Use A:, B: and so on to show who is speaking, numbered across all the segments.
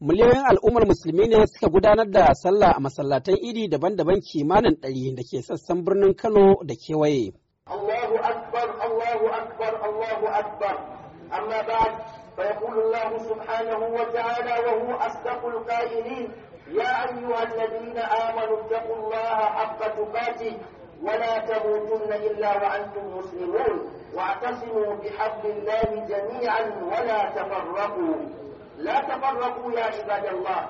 A: Miliyoyin al'ummar musulmi ne suka gudanar da sallah a masallatan idi daban-daban kimanin ɗari da ke sassan birnin Kano da kewaye. Allahu akbar, Allahu akbar, Allahu akbar. Amma ba'd fa yaqulu Allah subhanahu wa ta'ala wa huwa asdaqul qa'ilin ya ayyuhan ladina amanu taqullaha haqqa tuqatih wa la tamutunna illa wa antum muslimun wa bihablillahi jami'an wa la tafarraqu la ya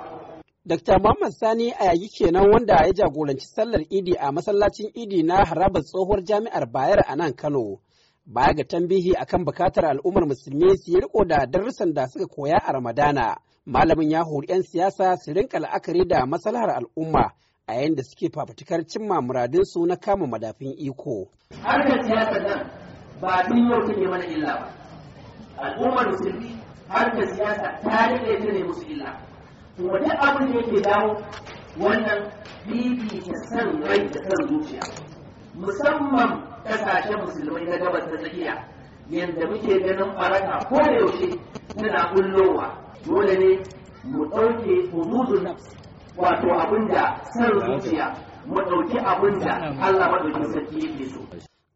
A: Dr. Muhammad Sani Ayagi kenan wanda ya jagoranci sallar Idi a masallacin Idi na harabar tsohuwar jami'ar Bayar a nan Kano. Baya ga tambihi akan bukatar al'ummar musulmi su yi riko da darussan da suka koya a Ramadana. Malamin ya hori 'yan siyasa su rinka la'akari da maslahar al'umma a yayin da suke fafutukar cimma muradinsu na kama madafin iko. Harkar siyasar nan ba duk yau mana illa ba. Al'ummar musulmi Har da siyasa ta daɗe ta ne musu illa kuma abu abin yake dawo wannan bibita san rai da san zuciya musamman ƙasashen musulmai na gabas ta tsakiya yadda muke ganin faraka ko da yaushe tana bullowa dole ne mu ɗauke hududun wato abinda san zuciya mu ɗauki abinda Allah madaukin sarki yake so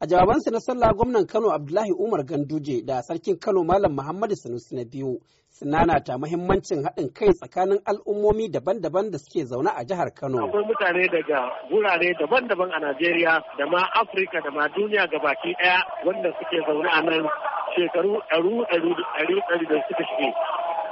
A: A jawabansa na sallah gwamnan Kano Abdullahi Umar Ganduje da sarkin Kano Malam Muhammadu Sanusi na biyu sun ta muhimmancin haɗin kai tsakanin al'ummomi daban-daban da suke zaune a jihar Kano.
B: Akwai mutane daga wurare daban-daban a Najeriya da ma Afirka da ma duniya baki ɗaya wanda suke zaune a nan shekaru ɗaru-ɗaru da suka shige.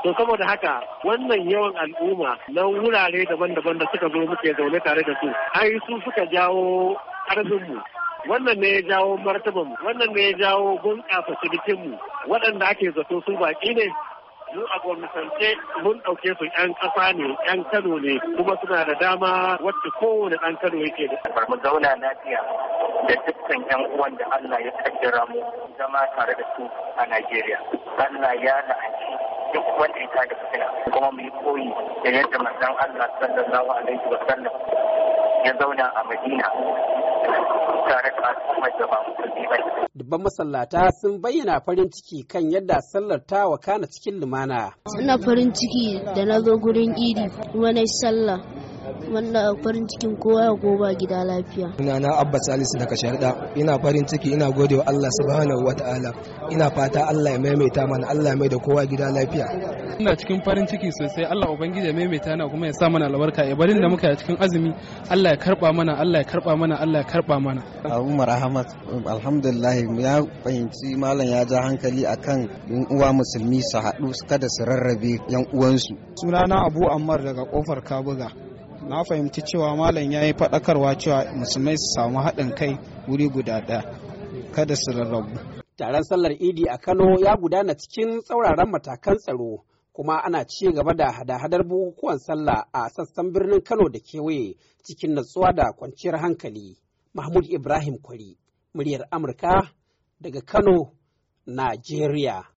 B: To saboda haka wannan yawan al'umma na wurare daban-daban da suka zo muke zaune tare da su, ai su suka jawo ƙarfinmu wannan ne ya jawo martabanmu wannan ne ya jawo bunƙasa cikinmu. waɗanda ake zato su baƙi ne mu a gwamnatance mun ɗauke su 'yan ƙasa ne 'yan kano ne kuma suna da dama wacce kowane ɗan kano yake da bar mu zauna lafiya da dukkan 'yan uwan da Allah ya kaddara mu zama tare da su a Najeriya Allah ya la'anci duk wanda ya da fitina kuma mu yi koyi da yadda manzon Allah sallallahu alaihi wa sallam ya zauna a Madina tare da al'ummar da ba
A: Dubban masallata sun bayyana farin ciki kan yadda sallar ta wakana cikin lumana. Ina farin ciki da na zo gurin idi kuma na sallah Wanda farin cikin kowa ya goba gida lafiya. na Abba Salisu daga Sharda. Ina farin ciki ina gode wa Allah subhanahu wa ta'ala. Ina fata Allah ya maimaita mana Allah ya mai da kowa gida lafiya. Ina cikin farin ciki sosai Allah ubangiji ya maimaita na kuma ya sa mana albarka. Ibarin da muka yi cikin azumi Allah ya karba mana Allah ya karba mana Allah ya karba mana. Umar Ahmad alhamdulillah ya fahimci malam ya ja hankali akan yan uwa musulmi su haɗu kada su rarrabe yan uwansu. Sunana Abu Ammar daga kofar Kabuga. na fahimci cewa malam ya yi faɗakarwa cewa musulmai su samu haɗin kai wuri guda ɗaya kada su rarrabu taron sallar idi a kano ya gudana cikin tsauraran matakan tsaro kuma ana ci gaba da hada-hadar bukukuwan sallah a sassan birnin kano da kewaye cikin natsuwa da kwanciyar hankali mahmud ibrahim kwari muryar amurka daga kano najeriya